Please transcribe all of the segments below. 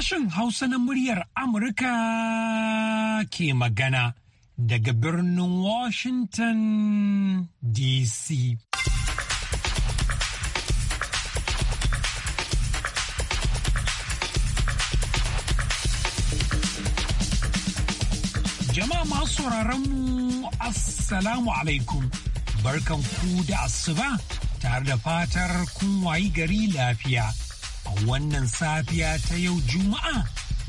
sashen Hausa na muryar Amurka ke magana daga birnin Washington DC. Jama'a masu mu Assalamu alaikum, barkan ku da asuba tare da fatar kun wayi gari lafiya. wannan safiya ta yau Juma'a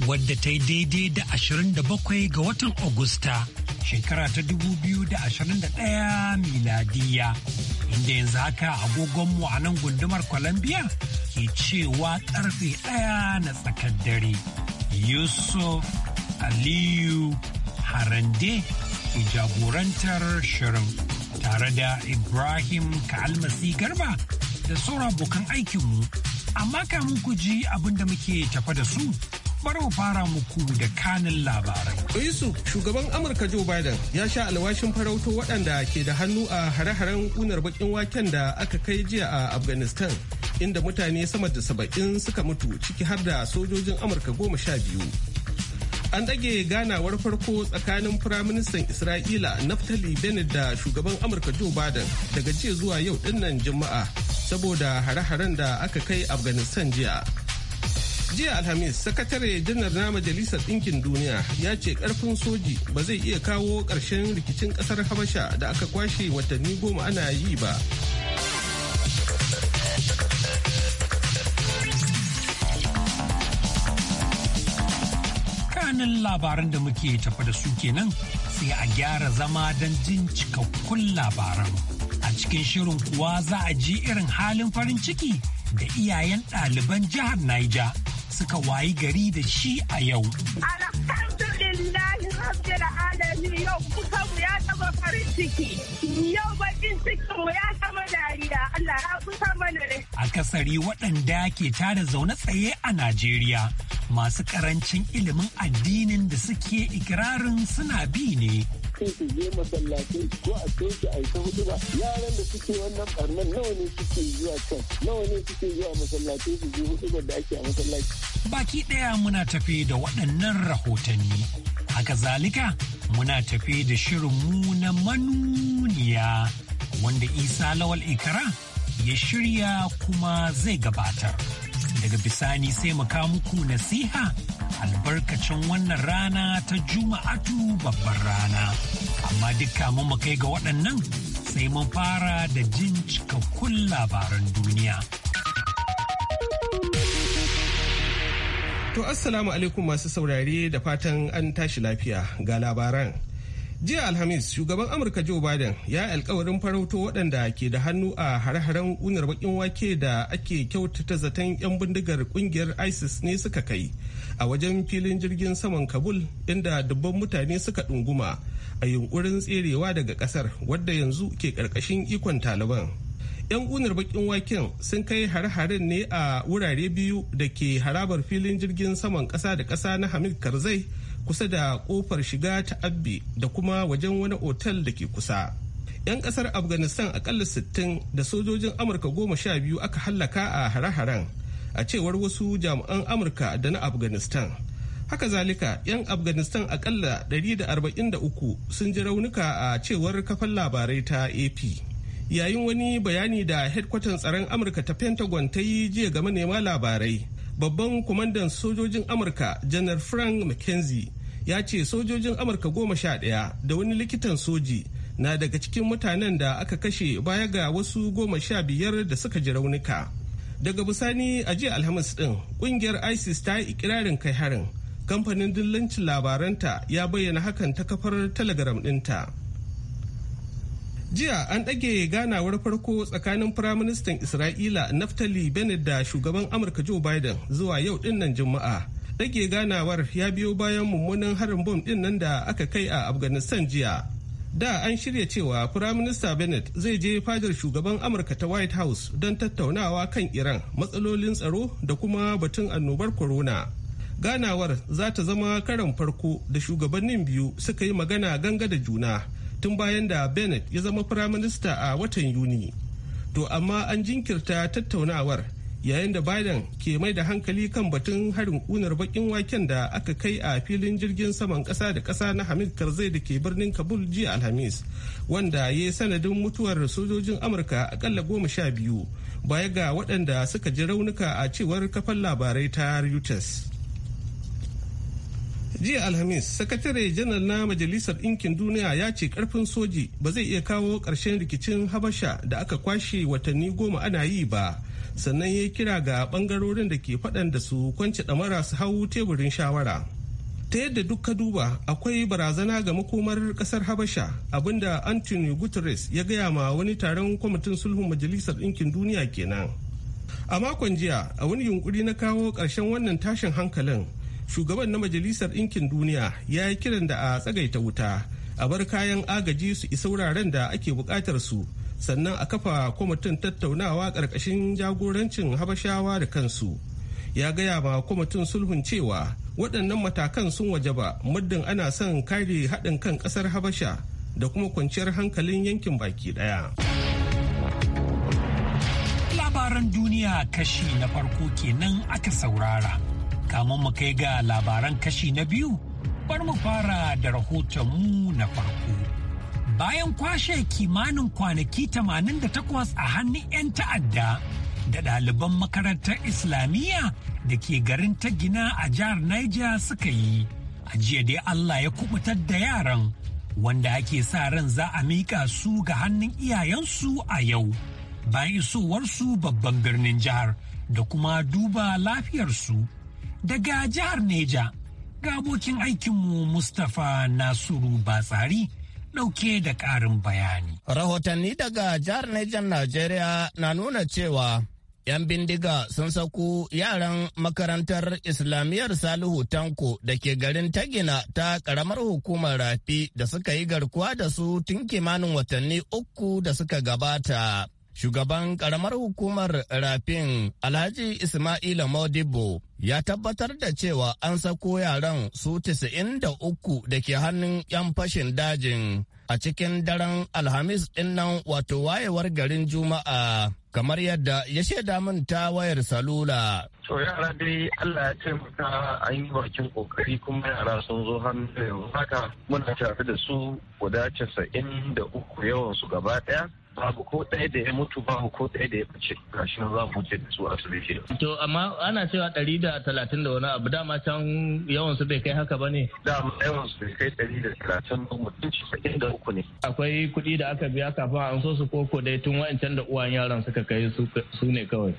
wadda ta yi daidai da 27 ga watan Agusta shekara ta 2021 miladiya. Inda yanzu haka agogonmu a nan gundumar Colombia ke cewa karfe ɗaya na tsakar dare. Yusuf Aliyu Harande ke jagorantar shirin tare da Ibrahim Kalmasi Garba da sauran abokan aikinmu. Amma kamun ku ji abin da muke tafa da su bari mu fara muku da kanin labarai. Yusuf shugaban Amurka Joe Biden ya sha alwashin farauto waɗanda ke da hannu a hare-haren ƙunar bakin waken da aka kai jiya a Afghanistan inda mutane sama da saba'in suka mutu ciki har da sojojin Amurka goma sha biyu. An ɗage ganawar farko tsakanin Firaministan Isra'ila Naftali Bennett da shugaban Amurka Joe Biden daga jiya zuwa yau ɗinnan Juma'a saboda hare-haren da aka kai afghanistan jiya jiya alhamis sakatare janar na majalisar ɗinkin duniya ya ce ƙarfin soji ba zai iya kawo ƙarshen rikicin ƙasar habasha da aka kwashe watanni goma ana yi ba kanin labaran da muke tafa da su kenan sai a gyara zama don jin cikakkun labaran cikin shirin kuwa za a ji irin halin farin ciki da iyayen ɗaliban jihar Niger suka wayi gari da shi a yau. yau kusan mu ya yau bakin cikin ya dariya Allah kusa Akasari waɗanda ke tada zaune tsaye a Najeriya masu ƙarancin ilimin addinin da suke ikirarin suna bi ne kai su je masallatai ko a kai su aika hudu ba yaran da suke wannan barnan nawa ne suke zuwa can nawa ne suke zuwa masallatai su je hudu da ake a masallaci. Baki ɗaya muna tafi da waɗannan rahotanni. Haka zalika muna tafi da shirinmu na manuniya wanda Isa Lawal Ikara ya shirya kuma zai gabatar. Daga bisani sai mu muku nasiha albarkacin wannan rana ta Juma'atu babbar rana. Amma dukka mu kai ga waɗannan sai mun fara da jin cikakkun labaran duniya. To Assalamu alaikum masu saurare da fatan an tashi lafiya ga labaran. jiya alhamis shugaban amurka joe biden ya alkawarin farauto waɗanda ke da hannu a hare-haren unar bakin wake da ake kyautata zaton 'yan bindigar kungiyar isis ne suka kai a wajen filin jirgin saman kabul inda dubban mutane suka ɗunguma a yunkurin tserewa daga ƙasar wadda yanzu ke ƙarƙashin ikon taliban 'yan unar bakin waken sun kai har harin ne a wurare biyu da ke harabar filin jirgin saman ƙasa da ƙasa na hamid karzai kusa da kofar shiga ta abbe da kuma wajen wani otal da ke kusa 'yan kasar afghanistan akalla 60 da sojojin amurka goma sha biyu aka hallaka a hare-haren a cewar wasu jami'an amurka da na afghanistan haka zalika 'yan afghanistan akalla 143 sun ji raunuka a cewar kafan labarai ta ap yayin wani bayani da hedkwatan tsaron amurka ta pentagon ta yi jiya ga manema labarai babban kwamandan sojojin amurka janar frank mckenzie ya ce sojojin amurka goma sha ɗaya da wani likitan soji na daga cikin mutanen da aka kashe baya ga wasu goma sha biyar da suka ji raunuka daga bisani a jiya alhamis din kungiyar isis ta yi ikirarin kai harin kamfanin dillancin labaranta ya bayyana hakan ta kafar telegram dinta jiya an ɗage ganawar farko tsakanin firaministan isra'ila naftali bennett da shugaban amurka joe biden zuwa yau dinnan juma'a ɗage ganawar ya biyo bayan mummunan harin bom ɗin nan da aka kai a afghanistan jiya da an shirya cewa firaminista bennett zai je fadar shugaban amurka ta white house don tattaunawa kan iran matsalolin tsaro da kuma batun annobar corona ganawar za ta zama karan farko da shugabannin biyu suka yi magana ganga da juna tun bayan da bennett ya zama firaminista a watan yuni to amma an jinkirta tattaunawar yayin da biden ke mai da hankali kan batun harin kunar bakin waken da aka kai a filin jirgin saman kasa da kasa na hamid karzai da ke birnin kabul jiya alhamis wanda ya yi sanadin mutuwar sojojin amurka akalla goma sha biyu baya ga waɗanda suka ji raunuka a cewar kafan labarai ta reuters jiya alhamis sakatare janar na majalisar ɗinkin duniya ya ce karfin soji ba zai iya kawo ƙarshen rikicin habasha da aka kwashe watanni goma ana yi ba sannan ya kira ga ɓangarorin da ke faɗan da su kwanci ɗamara su hau teburin shawara ta yadda duk duba akwai barazana ga makomar ƙasar habasha abinda anthony guterres ya gaya ma wani taron kwamitin sulhun majalisar ɗinkin duniya kenan a makon jiya a wani yunkuri na kawo ƙarshen wannan tashin hankalin shugaban na majalisar ɗinkin duniya ya yi kiran da a tsagaita wuta a bar kayan agaji su isa wuraren da ake buƙatar su sannan a kafa kwamitin tattaunawa ƙarƙashin jagorancin habashawa da kansu ya gaya ba kwamitin sulhun cewa waɗannan matakan sun waje ba, muddin ana son kare haɗin kan ƙasar habasha da kuma kwanciyar hankalin yankin baki ɗaya. labaran duniya kashi na farko kenan aka saurara kamun mu kai ga labaran kashi na biyu bar mu fara da rahotonmu na farko. Bayan kwashe kimanin kwanaki 88 a hannun 'yan ta'adda da ɗaliban makarantar Islamiyya da ke garin ta gina a jihar Niger suka yi, a jiya dai Allah ya kubutar da yaran wanda ake sa ran za a miƙa su ga hannun iyayensu a yau. Bayan isowarsu babban birnin jihar da kuma duba lafiyarsu. daga jihar Neja. Ga abokin aikinmu Mustapha Nasiru Batsari ɗauke da ƙarin bayani. Rahotanni daga jihar Nejan Najeriya na nuna cewa 'yan bindiga sun sako yaran makarantar Islamiyyar Salihu Tanko da ke garin Tagina ta ƙaramar hukumar Rafi da suka yi garkuwa da su tun kimanin watanni uku da suka gabata. Shugaban karamar hukumar Rafin Alhaji Ismaila Modibo ya tabbatar da cewa an sako yaran su 93 da ke hannun 'yan fashin dajin a cikin daren Alhamis dinnan wato wayewar garin Juma'a kamar yadda ya shaida min ta wayar salula. To yara dai Allah ya taimaka an yi bakin kokari kuma yara sun zo hannu haka muna tafi da su guda casa'in 93 yawan su gaba ɗaya. babu ko ɗaya da ya mutu babu ko ɗaya da ya bace gashi nan za mu wuce da su asibiti. To amma ana cewa ɗari da talatin da wani abu dama can yawan su bai kai haka ba ne? Dama yawan su bai kai ɗari da talatin ba mutum casa'in da uku ne. Akwai kuɗi da aka biya kafin an so su koko dai tun wa'ancan da uwan yaran suka kai su ne kawai.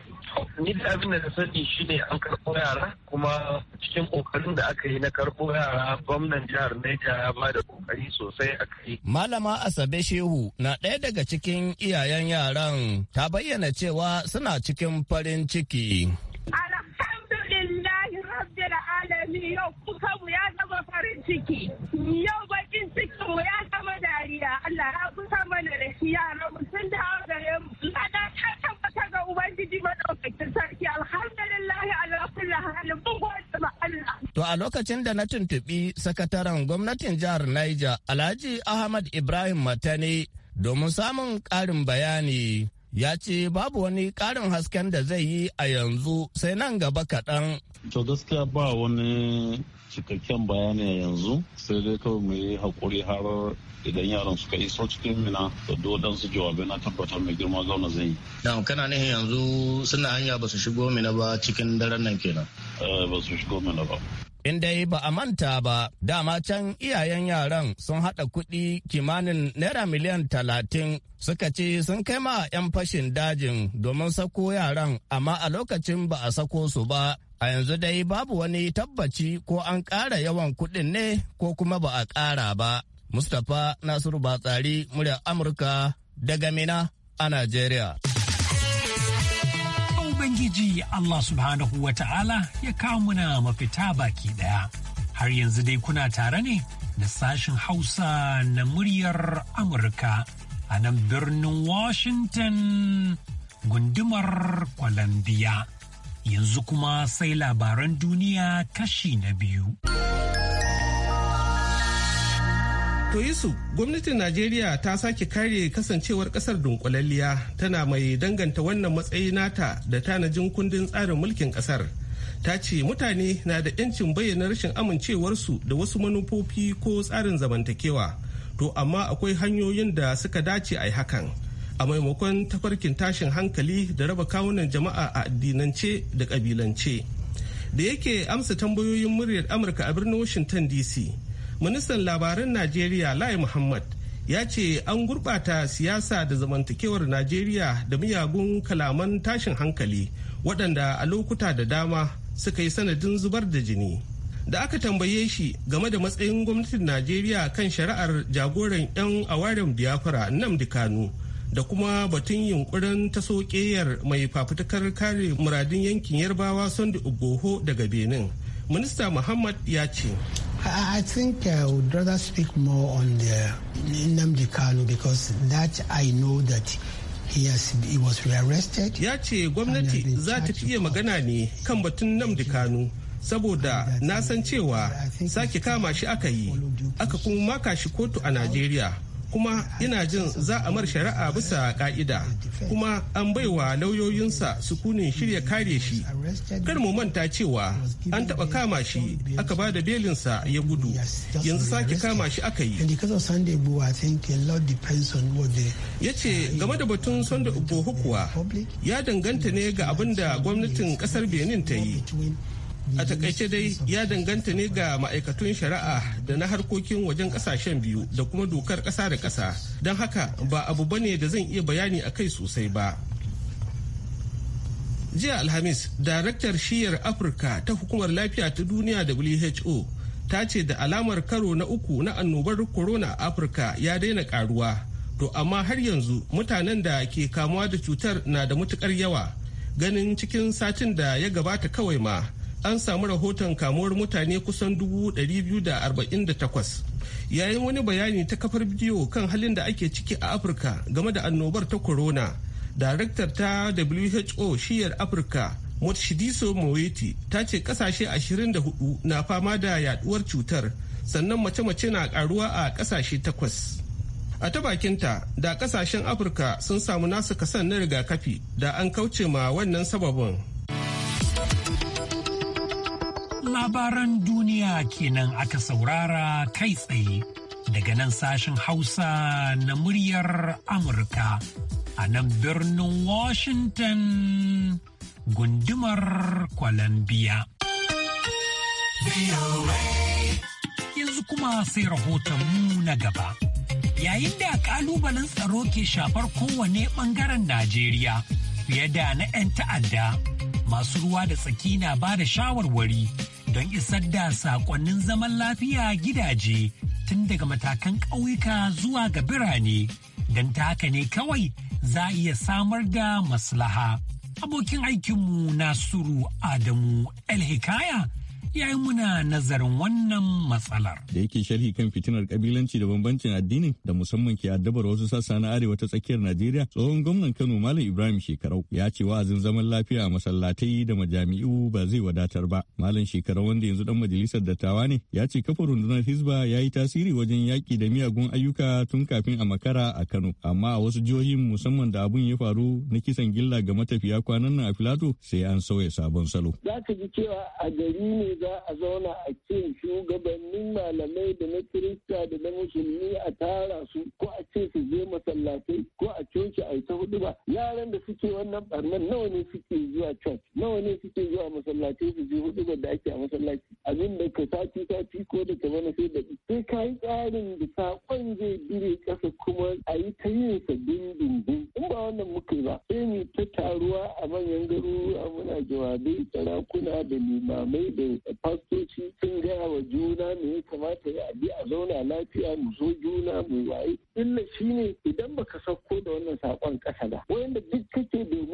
Ni da abin da na sani shi ne an karɓo yara kuma cikin ƙoƙarin da aka yi na karɓo yara gwamnan jihar Neja ya ba da ƙoƙari sosai a kai. Malama Asabe Shehu na ɗaya daga cikin iyayen yaran ta bayyana cewa suna cikin farin ciki. Alhamdulillahi rabbil alamin yau mu ya zama farin ciki. Yau bakin cikinmu ya zama dariya. Allah ya kusa mana da shi yaran mu sun dawo gare mu. Lada ta tabbata ga Ubangiji madaukakin sarki. Alhamdulillahi ala kulli halin mun gode ma Allah. To a lokacin da na tuntuɓi sakataren gwamnatin jihar Niger Alhaji Ahmad Ibrahim Matani domin samun ƙarin bayani ya ce babu wani ƙarin hasken da zai yi a yanzu sai nan gaba kaɗan. To gaskiya ba wani cikakken bayani yanzu sai dai kawai mu yi haƙuri har idan yaran suka iso cikin mina da dodon su jawabai na tabbatar mai girma zauna zai yi. Na kana nihin yanzu suna hanya ba su shigo mina ba cikin daren nan kenan. Eh, ba su shigo mina ba. in dai ba a manta ba dama can iyayen yaran sun haɗa kuɗi kimanin naira miliyan talatin suka ce sun kai ma 'yan fashin dajin domin sako yaran amma a lokacin ba a sako su ba a yanzu dai babu wani tabbaci ko an ƙara yawan kuɗin ne ko kuma ba a ƙara ba mustapha nasiru batsari muryar amurka daga mina a najeriya Ubangiji Allah subhanahu wa ta'ala ya kawo muna mafita baki ɗaya. Har yanzu dai kuna tare ne da sashen Hausa na muryar Amurka a nan birnin Washington gundumar Columbia. Yanzu kuma sai labaran duniya kashi na biyu. To Yusuf, gwamnatin Najeriya ta sake kare kasancewar kasar dunkulalliya tana mai danganta wannan matsayi nata da tanajin kundin tsarin mulkin kasar. Ta ce mutane na da 'yancin bayyana rashin amincewarsu da wasu manufofi ko tsarin zamantakewa. To amma akwai hanyoyin da suka dace a yi hakan. A maimakon tafarkin tashin hankali da raba kawunan jama'a a addinance da ƙabilance. Da yake amsa tambayoyin muryar Amurka a birnin Washington DC. ministan labaran najeriya lai muhammad ya ce an gurɓata siyasa da zamantakewar najeriya da miyagun kalaman tashin hankali waɗanda a lokuta da dama suka yi sanadin zubar da jini da aka tambaye shi game da matsayin gwamnatin najeriya kan shari'ar jagoran 'yan awaren Biyafara, nnamdi kanu da kuma batun yunkurin ta sokeyar mai fafutukar kare muradin yankin yarbawa sondi ugoho daga benin minista muhammad ya ce I think I uh, would rather speak more on the Nnamdi Kanu because that I know that was rearrested Ya ce gwamnati za ta iya magana ne kan batun Nnamdi Kanu saboda na san cewa sake kama shi aka yi aka kuma maka shi kotu a Najeriya. kuma ina jin za a mar shari'a bisa ka'ida kuma an baiwa lauyoyinsa sukunin shirya kare shi kar mu manta cewa an taba kama shi aka ba da belinsa ya gudu yanzu sake kama shi aka yi ya ce game da batun sanda ugbo hukuwa ya danganta ne ga abin da gwamnatin kasar benin ta yi a takaice dai ya danganta ne ga ma'aikatun shari'a da na harkokin wajen kasashen biyu da kuma dokar kasa da kasa don haka ba abu bane da zan iya bayani a kai sosai ba jiya alhamis daraktar shiyar afirka ta hukumar lafiya ta duniya who ta ce da alamar karo na uku na annobar corona a afirka ya daina karuwa to amma har yanzu mutanen da ke kamuwa da cutar na da matukar yawa ganin cikin satin da ya gabata kawai ma an samu rahoton kamuwar mutane kusan 248 yayin wani bayani ta kafar bidiyo kan halin da ake ciki a afirka game da annobar ta corona daraktar ta who shiyar afirka motshidiso moeti ta ce kasashe 24 na fama da yaduwar cutar sannan mace-mace na karuwa a kasashe takwas a ta bakinta da kasashen afirka sun samu nasu kasan na rigakafi da an kauce ma wannan sababin labaran duniya kenan aka saurara kai tsaye daga nan sashen Hausa na muryar Amurka a nan birnin Washington gundumar Columbia. Yanzu kuma sai rahotonmu na gaba. Yayin da kalubalen tsaro ke shafar kowane bangaren Najeriya fiye da na 'yan ta'adda masu ruwa da tsaki na ba da shawarwari don isar da saƙonnin zaman lafiya gidaje tun daga matakan ƙauyuka zuwa ga birane don ta haka ne kawai za a iya samar da maslaha. Abokin aikinmu Nasiru Adamu El Hikaya yi muna nazarin wannan matsalar. Da yake sharhi kan fitinar kabilanci da bambancin addini da musamman ke addabar wasu sassa na arewa ta tsakiyar Najeriya tsohon gwamnan Kano Malam Ibrahim Shekarau ya ce wa'azin zaman lafiya a masallatai da majami'u ba zai wadatar ba. Malam Shekarau wanda yanzu dan majalisar dattawa ne ya ce kafa rundunar Hizba ya yi tasiri wajen yaƙi da miyagun ayyuka tun kafin a makara a Kano amma a wasu jihohin musamman da abun ya faru na kisan gilla ga matafiya kwanan nan a Filato sai an sauya sabon salo. Za ka ji cewa a gari ne za a zauna a ce shugabannin malamai da na kirista da na musulmi a tara su ko a ce su je masallatai ko a coci a ita hudu ba yaran da suke wannan barnan nawa ne suke zuwa church nawa ne suke zuwa masallatai su je hudu da ake a masallaci abin da ka sati sati ko da ka mana sai da sai ka yi tsarin da saƙon zai dire ƙasa kuma a yi ta yin sa dindindin ba sai mu ta taruwa a manyan garuruwa muna jawabai sarakuna da limamai da fastoci sun gaya wa juna me ya kamata ya abi a zauna lafiya mu zo juna mu waye illa shine idan baka sauko da wannan sakon kasa ba wanda duk kake domin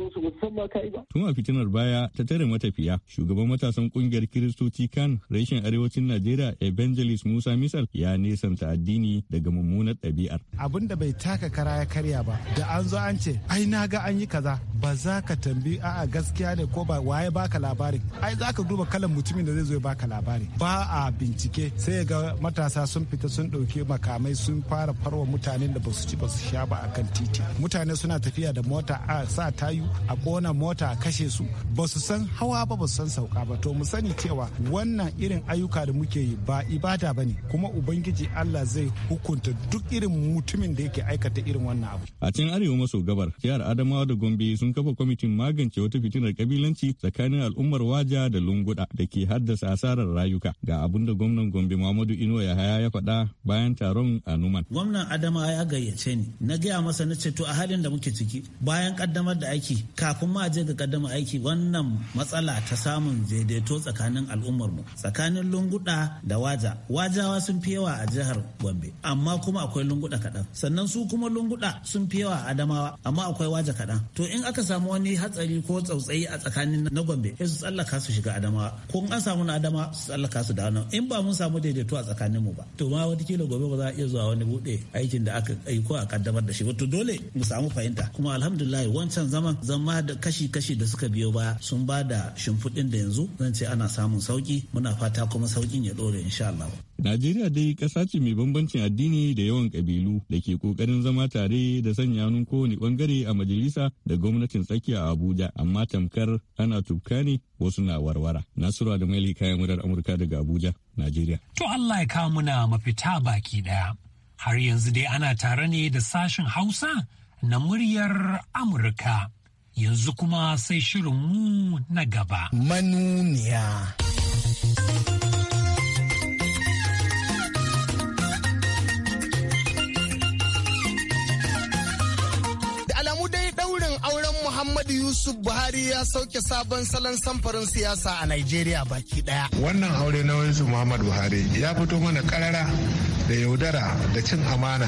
ba kai ba. Tun a fitinar baya ta tare matafiya, shugaban matasan kungiyar Kiristoci kan reshen arewacin Najeriya Evangelist Musa Misal ya nesanta addini daga mummunar ɗabi'ar. Abin da bai taka kara ya karya ba, da an zo an ce, ai na ga an yi kaza, ba za ka tambi a'a gaskiya ne ko ba waye baka labarin. Ai za ka duba kalan mutumin da zai zo ya baka labari. Ba a bincike sai ga matasa sun fita sun ɗauki makamai sun fara farwa mutanen da ba su ci ba su sha ba akan titi. Mutane suna tafiya da mota a sa tayu a ƙona. wannan mota kashe su ba su san hawa ba ba su san sauka ba to mu sani cewa wannan irin ayyuka da muke yi ba ibada ba ne kuma ubangiji allah zai hukunta duk irin mutumin da yake aikata irin wannan abu a cikin arewa maso gabar jihar adamawa da gombe sun kafa kwamitin magance wata fitinar kabilanci tsakanin al'ummar waja da lunguda da ke haddasa asarar rayuka ga abin da gwamnan gombe muhammadu inuwa yahaya ya faɗa bayan taron a numan gwamnan adama ya gayyace ni na gaya masa na ce to a halin da muke ciki bayan kaddamar da aiki kafin ma je ga kaddama aiki wannan matsala ta samun daidaito tsakanin al'ummar mu tsakanin lunguda da waja wajawa sun fi yawa a jihar gombe amma kuma akwai lunguda kaɗan sannan su kuma lunguda sun fi yawa a adamawa amma akwai waja kaɗan to in aka samu wani hatsari ko tsautsayi a tsakanin na gombe sai su tsallaka su shiga adamawa ko in an samu na adama su tsallaka su da wannan in ba mun samu daidaito a tsakanin mu ba to ma watakila gobe ba za a iya zuwa wani buɗe aikin da aka yi a kaddamar da shi ba to dole mu samu fahimta kuma alhamdulillah wancan zaman zama da kashi-kashi da suka biyo baya sun ba da shimfiɗin da yanzu zan ce ana samun sauki muna fata kuma saukin ya ɗore insha Allah. Najeriya dai ƙasa ce mai bambancin addini da yawan ƙabilu da ke ƙoƙarin zama tare da sanya hannun kowane ɓangare a majalisa da gwamnatin tsakiya a Abuja amma tamkar ana tukane ne wasu na warwara. Nasiru da mali kayan murar Amurka daga Abuja, Najeriya. To Allah ya kawo muna mafita baki ɗaya. Har yanzu dai ana tare ne da sashen Hausa na muryar Amurka. yanzu kuma sai shirin mu na gaba. Manuniya. Muhammadu Yusuf Buhari ya sauke sabon salon samfarin siyasa a Najeriya baki daya. Wannan aure na wani Muhammadu Buhari ya fito mana karara da yaudara da cin amana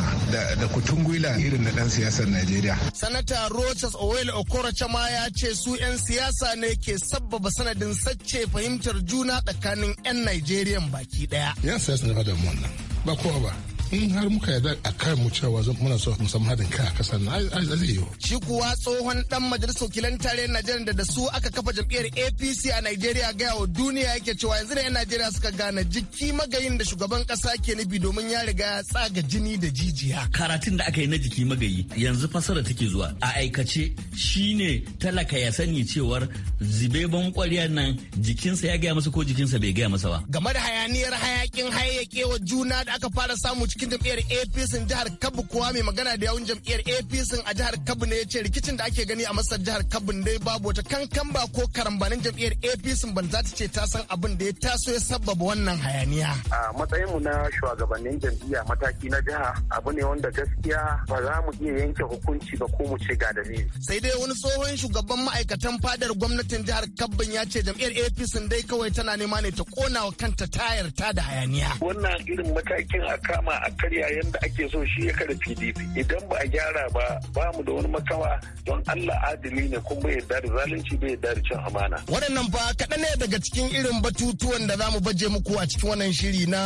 da kutun gwila irin na dan siyasar Najeriya. Sanata Rochas Owel Okorocha ma ya ce su 'yan siyasa ne ke sabbaba sanadin sacce fahimtar juna tsakanin 'yan Najeriya baki daya. 'Yan siyasa ne ba da wannan ba kowa ba. in har muka yarda a kan mu cewa muna so mu samu haɗin a ƙasar na zai yiwu. Shi kuwa tsohon ɗan majalisar wakilan tare Najeriya da da su aka kafa jam'iyyar APC a Najeriya gaya wa duniya yake cewa yanzu ne 'yan Najeriya suka gane jiki magayin da shugaban ƙasa ke nufi domin ya riga ya tsaga jini da jijiya. Karatun da aka yi na jiki magayi yanzu fasara take zuwa a aikace shine talaka ya sani cewar zibeban ƙwarya nan jikinsa ya gaya masa ko jikinsa bai gaya masa ba. Game da hayaniyar hayakin hayayyakewa juna da aka fara samu cikin cikin jam'iyyar APC jihar Kabu kuwa mai magana da yawun jam'iyyar APC a jihar Kabu ne ya ce rikicin da ake gani a masar jihar Kabu dai babu wata kankan ba ko karambanin jam'iyyar APC ban za ta ce ta san abin da ya taso ya sabbaba wannan hayaniya. A matsayinmu na shugabannin jam'iyya mataki na jiha abu ne wanda gaskiya ba za mu iya yanke hukunci ba ko mu ce ga dalili. Sai dai wani tsohon shugaban ma'aikatan fadar gwamnatin jihar kabu ya ce jam'iyyar APC dai kawai tana nema ne ta kona wa kanta tayar ta da hayaniya. Wannan irin matakin a kama a karya yadda ake so shi ya kada pdp idan ba a gyara ba ba mu da wani makawa don allah adali ne kuma bai yarda da zalunci bai yarda da cin amana waɗannan ba kaɗan ne daga cikin irin batutuwan da za mu baje muku a cikin wannan shiri na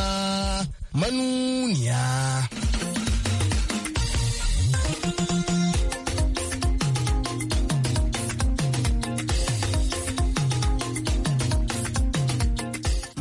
manuniya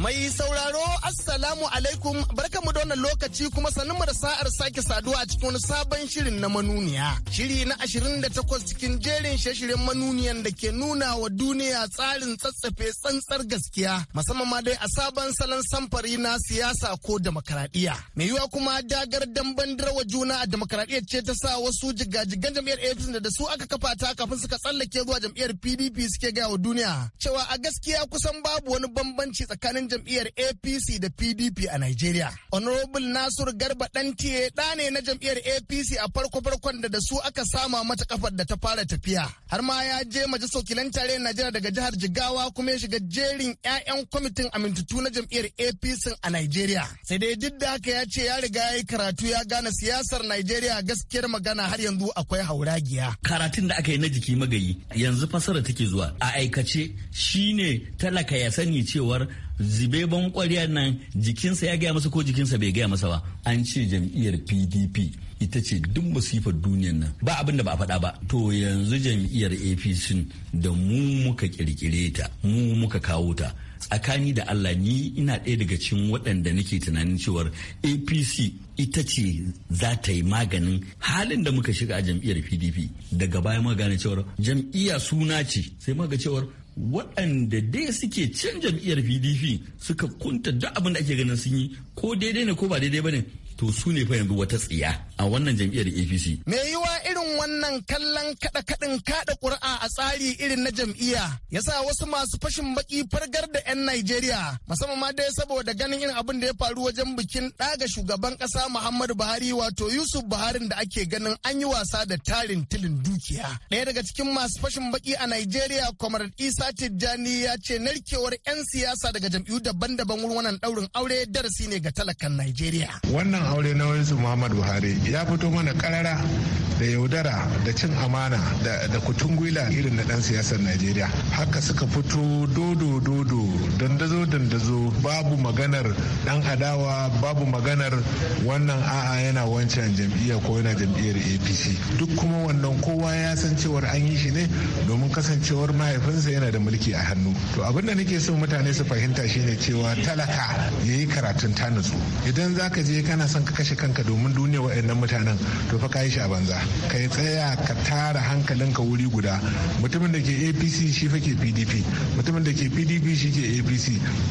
Mai sauraro Assalamu alaikum barkanmu da wannan lokaci kuma mu da sa'ar sake saduwa a cikin wani sabon shirin na manuniya. Shiri na ashirin da takwas cikin jerin shirin manuniyan da ke nuna wa duniya tsarin tsatsafe tsantsar gaskiya musamman ma dai a sabon salon samfari na siyasa ko demokaradiyya. Mai yiwuwa kuma dagar damban wa juna a demokaradiyya ce ta sa wasu jigajigan jam'iyyar APC da su aka kafa ta kafin suka tsallake zuwa jam'iyyar PDP suke gaya wa duniya cewa a gaskiya kusan babu wani bambanci tsakanin jam'iyyar APC da PDP a Najeriya. Honorable Nasur Garba Dantiye ɗa ne na jam'iyyar APC a farko-farkon da da su aka sama mata kafar da ta fara tafiya. Har ma ya je majalisar wakilan na jira daga jihar Jigawa kuma ya shiga jerin 'ya'yan kwamitin amintattu na jam'iyyar APC a Nigeria. Sai dai duk da haka ya ce ya riga ya karatu ya gane siyasar Najeriya gaskiyar magana har yanzu akwai hauragiya. Karatun da aka yi na jiki magayi yanzu fasara take zuwa a aikace shine talaka ya sani cewar Zubeban kwariyar nan jikinsa ya gaya masa ko jikinsa bai gaya masa ba an ce jam'iyyar pdp ita ce duk masifar duniyar nan ba abin da ba a faɗa ba to yanzu jam'iyyar apc da mu muka kirkire ta mu muka kawo ta tsakani da allah ni ina ɗaya daga cikin waɗanda nake tunanin cewar apc ita ce za ta yi maganin halin da muka shiga a jam'iyyar pdp daga baya muka gane cewar jam'iyya suna ce sai muka cewar waɗanda dai suke can jam'iyyar pdp suka kunta duk abin da ake ganin sun yi ko daidai ne ko ba daidai ba ne to su ne fa yanzu wata tsiya a wannan jam'iyyar apc me yiwa irin wannan kallon kada kadin kada ƙuri'a a tsari irin na jam'iyya sa wasu masu fashin baki fargar da 'yan najeriya musamman ma dai saboda ganin irin abin da ya faru wajen bikin ɗaga shugaban ƙasa muhammadu buhari wato yusuf buhari da ake ganin an yi wasa da tarin tilin dukiya ɗaya daga cikin masu fashin baki a najeriya kwamar isa tijjani ya ce narkewar 'yan siyasa daga jam'iyyu daban-daban wurin wannan ɗaurin aure darasi ne ga talakan najeriya wannan aure na wasu muhammadu buhari ya fito mana karara da yaudara da cin amana da kutun gwila irin na dan siyasar najeriya haka suka fito dodo dodo dandazo dandazo babu maganar dan adawa babu maganar wannan a'a yana wancan jam'iyyar ko yana jam'iyyar apc duk kuma wannan kowa ya san cewar an yi shi ne domin kasancewar mahaifinsa yana da mulki a hannu to abin da nake so mutane su fahimta shine cewa talaka ya yi karatun ta nutsu idan za ka je kana son ka kashe kanka domin duniya wa'annan mutanen to fa ka yi shi a banza ka tsaya ka tara hankalinka wuri guda mutumin da ke apc shi fa ke pdp mutumin da ke pdp shi ke apc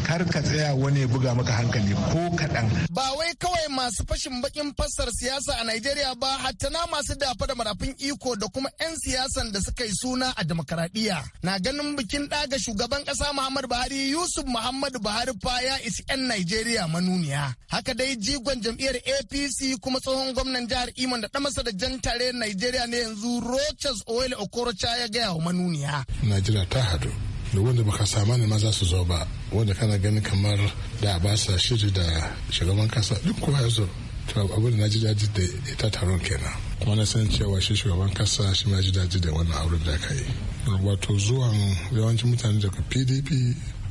kar ka tsaya wani buga maka hankali ko kaɗan. ba wai kawai masu fashin bakin fassar siyasa a nigeria ba na masu dafa da marafin iko da kuma 'yan siyasan da suka yi suna a demokaradiyya na ganin bikin ɗaga shugaban ƙasa muhammadu buhari yusuf muhammadu buhari fa ya isi 'yan nigeria manuniya haka dai jigon jam'iyyar apc kuma tsohon gwamnan jihar imon da ɗamasa da jan tare tarayyar Najeriya ne yanzu Rochas Oil Okorocha ya gaya wa manuniya. Najeriya ta hadu. da wanda baka sama ne ma su zo ba wanda kana gani kamar da ba sa shiri da shugaban kasa duk kowa ya zo to da na ji daji da ita taron kenan kuma na san cewa shi shugaban kasa shi ma ji daji da wannan auren da aka yi wato zuwan yawancin mutane daga pdp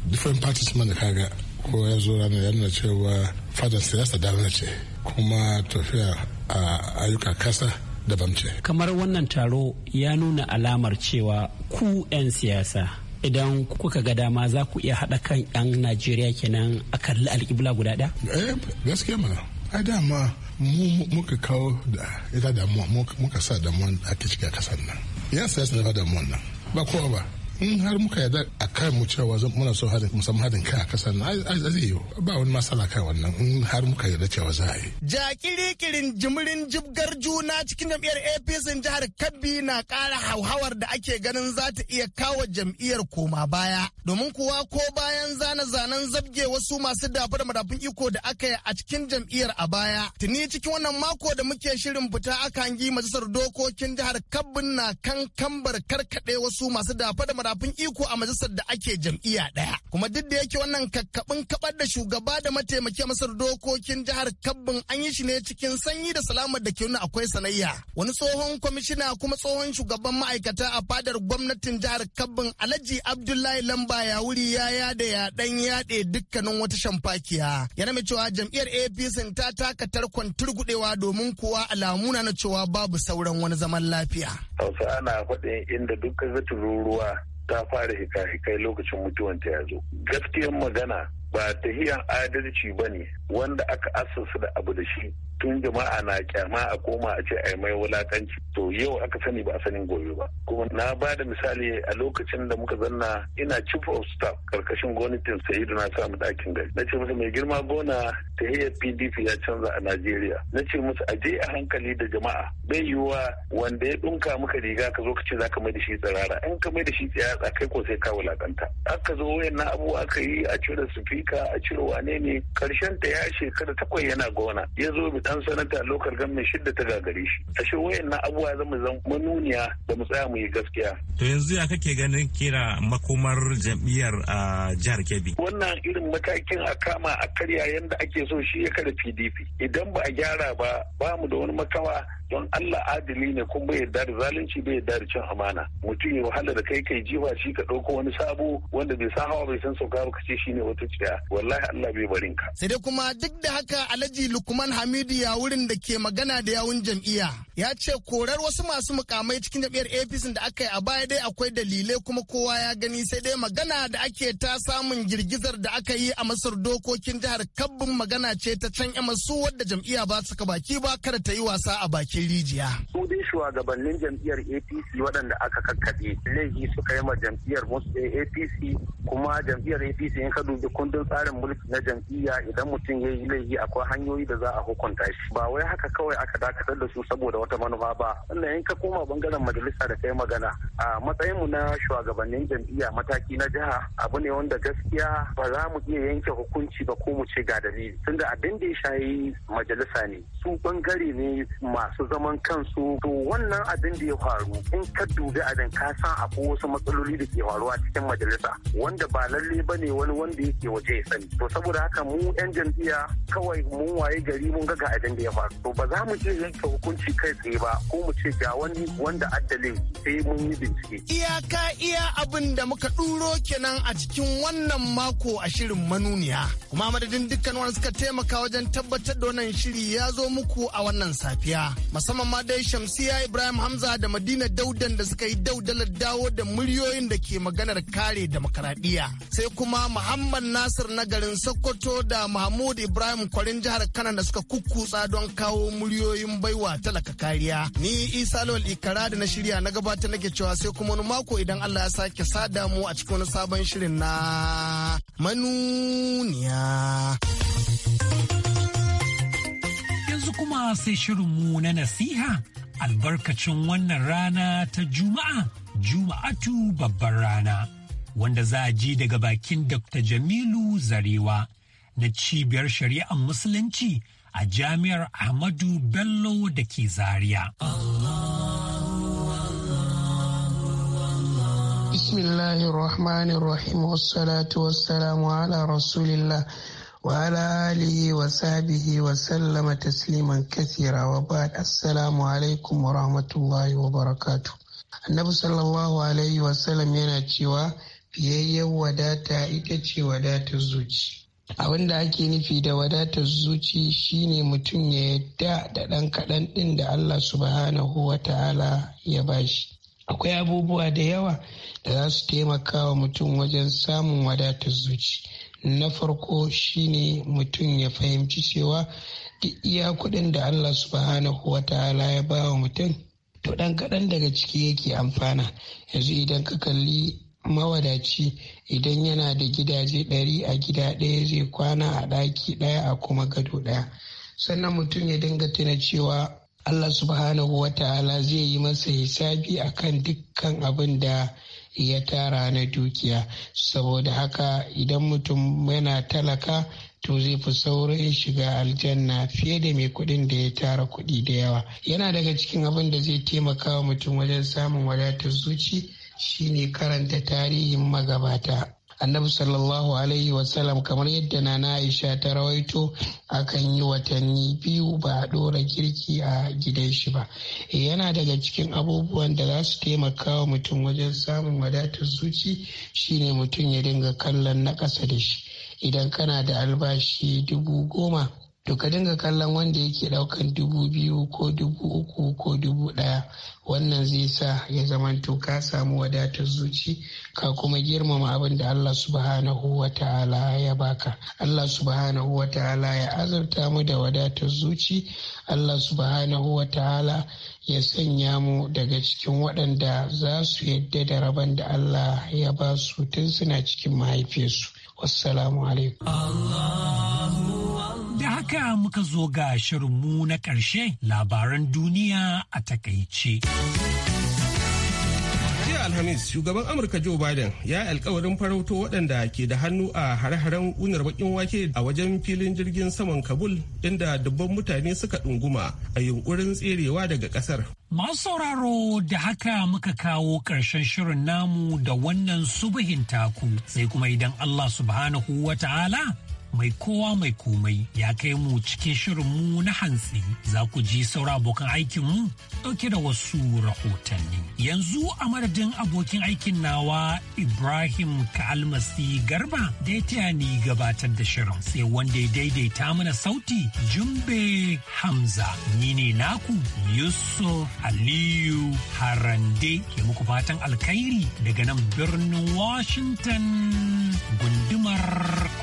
different parties man da kaga ko ya zo ya nuna cewa fadar siyasa dalilace ce kuma tafiya a ayyuka kasa Daban ce. kamar wannan taro ya nuna alamar cewa ku 'yan siyasa idan kuka ga dama za ku iya haɗa kan 'yan najeriya kenan a kalli alƙibla guda ɗaya? eh gaskiya mana a dama mu muka kawo da ita damuwa muka sa damuwa ake cika kasar nan yan siyasa na damuwan nan ba kowa ba in har muka yarda a kan mu cewa muna so samu haɗin kai a ƙasar nan a zai yi ba wani masala kai wannan in har muka yarda cewa za a yi. ja kirikirin jimirin jibgar juna cikin jam'iyyar apc jihar kabbi na ƙara hauhawar da ake ganin za ta iya kawo jam'iyyar koma baya domin kuwa ko bayan zane-zanen zabge wasu masu dafa da madafin iko da aka yi a cikin jam'iyyar a baya tuni cikin wannan mako da muke shirin fita aka hangi majalisar dokokin jihar kabbi na kan kambar karkaɗe wasu masu dafa da kafin iko a majalisar da ake jam'iyya ɗaya. Kuma duk da yake wannan kakkabin kabar da shugaba da mataimaki masar dokokin jihar Kabbin an yi shi ne cikin sanyi da salamar da ke nuna akwai sanayya. Wani tsohon kwamishina kuma tsohon shugaban ma'aikata a fadar gwamnatin jihar Kabbin Alhaji Abdullahi Lamba ya wuri ya yada ya dan yaɗe dukkanin wata shamfakiya. Yana mai cewa jam'iyyar APC ta taka tarkon turgudewa domin kuwa alamu na cewa babu sauran wani zaman lafiya. Hausa ana faɗin inda dukkan zata ruwa ta fara hika-hikai lokacin mutuwanta ya zo gaskiyar magana ba tahiyan adalci ba ne wanda aka asasa da abu da shi tun jama'a na kyama a koma a ce ai mai wulakanci to yau aka sani ba a sanin gobe ba kuma na ba da misali a lokacin da muka zanna ina chief of staff karkashin gwamnatin sayidu na samu dakin gari na ce musu mai girma gona ta hiyar pdp ya canza a najeriya na ce musu a je a hankali da jama'a bai yiwuwa wanda ya dunka maka riga ka zo ka ce za ka mai da shi tsirara in ka mai da shi tsirara kai ko sai ka wulakanta aka zo na abu aka yi a cire sufika a cire wane ne karshen ta ya shekara takwai yana gona ya zo bi dan sanata lokal gwamnati shidda ta gagare shi a abuwa za mu zama zan manuniya da mu tsaya mu yi gaskiya to yanzu ya kake ganin kira makomar jam'iyyar a jihar Kebbi wannan irin matakin a kama a karya yanda ake so shi ya kada PDP idan ba a gyara ba ba mu da wani makawa don Allah adali ne kuma bai yarda da zalunci bai yarda da cin amana mutum ya wahala da kai kai jiwa shi ka dauko wani sabo wanda bai san hawa bai san sauka ba kace shine wata ciya wallahi Allah bai barin ka sai dai kuma duk da haka Alhaji Lukman Hamidu ya wurin da ke magana da yawun jam'iyya ya ce korar wasu masu mukamai cikin jam'iyyar APC da aka yi a baya dai akwai dalilai kuma kowa ya gani sai dai magana da ake ta samun girgizar da aka yi a Masar dokokin jihar Kabbin magana ce ta can 'yan masu wadda jam'iyya ba ka baki ba kada ta yi wasa a baki bakin rijiya. Su dai shugabannin jam'iyyar APC waɗanda aka kakkaɓe laifi suka yi ma jam'iyyar eh, APC kuma jam'iyyar APC in ka dubi kundin tsarin mulki na jam'iyya idan mutum ya yi laifi akwai hanyoyi da za a hukunta shi. Ba wai haka kawai aka dakatar da su saboda wata manufa ba. Sannan in ka koma bangaren majalisa da kai magana a matsayinmu na shugabannin jam'iyya mataki na jiha abu ne wanda gaskiya ba za mu iya yanke hukunci ba ko mu ce ga dalili tunda abin da ya shayi majalisa ne su bangare ne masu zaman kansu to wannan abin da ya faru in ka dubi abin ka san akwai wasu matsaloli da ke faruwa cikin majalisa wanda ba lalle ba ne wani wanda yake waje ya sani to saboda haka mu yan jam'iyya kawai mun waye gari mun ga ga abin da ya faru to ba za mu je yanke hukunci kai tsaye ba ko mu ce ga wani wanda addalin sai mun yi bincike iyaka iya abin da muka duro kenan a cikin wannan mako a shirin manuniya kuma madadin dukkan wanda suka taimaka wajen tabbatar da wannan shiri ya zo muku a wannan safiya musamman ma dai shamsiya ibrahim hamza da madina daudan da suka yi daudalar dawo da muryoyin da ke maganar kare demokaradiyya sai kuma muhammad nasir na garin sokoto da mahmud ibrahim kwarin jihar kano da suka kukkutsa don kawo muryoyin baiwa talaka kariya ni isa lawal ikara da na shirya na gabata nake cewa sai kuma wani mako idan allah ya sake sa damu a cikin wani sabon shirin na manuniya. yanzu kuma sai shirinmu na nasiha albarkacin wannan rana ta Juma'a, Juma'atu babbar rana, wanda za a ji daga bakin Dr. Jamilu Zarewa na cibiyar shari'ar Musulunci a Jami'ar Ahmadu Bello da ke Zaria. Bismillahirrahmanirrahim wassalatu wassalamu ala rasulillah. wa آله وصحبه wa تسليما wa sallama tasliman عليكم ورحمة الله وبركاته alaikum wa الله wa وسلم annabi sallallahu alaihi wa sallam yana cewa fiyayya wadata ita ce wadatar zuci abin da ake nufi da wadatar zuci shine mutum ya yadda da ɗan kaɗan ɗin da Allah subhanahu wa ta'ala ya bashi akwai abubuwa da yawa da za su taimaka wa mutum wajen samun wadatar zuci na farko shine mutum ya fahimci cewa duk iya kuɗin da allah subhanahu wa ta'ala ya ba wa mutum to ɗan kaɗan daga ciki yake amfana yanzu idan ka kalli mawadaci idan yana da gidaje ɗari a gida ɗaya zai kwana a ɗaki ɗaya a kuma gado ɗaya sannan mutum ya dinga tuna cewa Allah subhanahu wa ta'ala zai yi masa hisabi akan dukkan abin da ya tara na dukiya saboda haka idan mutum yana talaka to zai fi saurin shiga aljanna fiye da mai kuɗin da ya tara kuɗi da yawa yana daga cikin abin da zai taimaka wa mutum wajen samun wadatar zuci shine karanta tarihin magabata annabi sallallahu alaihi wasallam kamar yadda na aisha ta rawaito akan yi watanni biyu ba a ɗora girki a gidan shi ba eh, yana daga cikin abubuwan da za su taimaka wa mutum wajen samun wadatar zuci shine mutum ya dinga kallon na ƙasa da shi idan kana da albashi dubu goma to ka dinga kallon wanda yake daukan dubu biyu ko dubu uku ko dubu daya wannan zai sa ya to ka samu wadatar zuci ka kuma girmama abin da Allah subhanahu wa ta'ala ya baka Allah subhanahu wa ta'ala ya azurta mu da wadatar zuci Allah subhanahu wa ta'ala ya sanya mu daga cikin waɗanda za su yadda da rabon da Allah ya ba su tun suna cikin mahaifiyarsu wassalamu alaikum da haka muka zo ga shirinmu na ƙarshe labaran duniya a takaice. Alhamis, shugaban Amurka Joe Biden ya alkawarin farauto waɗanda ke da hannu a hare-haren unar bakin wake a wajen filin jirgin saman Kabul inda dubban mutane suka dunguma a yunkurin tserewa daga ƙasar. Masu sauraro da haka muka kawo ƙarshen shirin namu da wannan subuhin taku sai kuma idan Allah subhanahu wa ta'ala mai kowa mai komai ya kai mu cikin shirin mu na hantsi za ku ji saura abokan aikinmu ɗauke da wasu rahotanni. Yanzu a madadin abokin aikin nawa Ibrahim Ka'almasi Garba da ya taya ni gabatar da shirin sai wanda ya daidaita mana sauti Jumbe Hamza. Ni ne naku Yusuf Aliyu Harande ke muku fatan alkhairi daga nan birnin Washington gundumar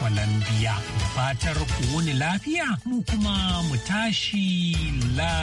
Columbia. fatar ku wani lafiya mu kuma mu tashi la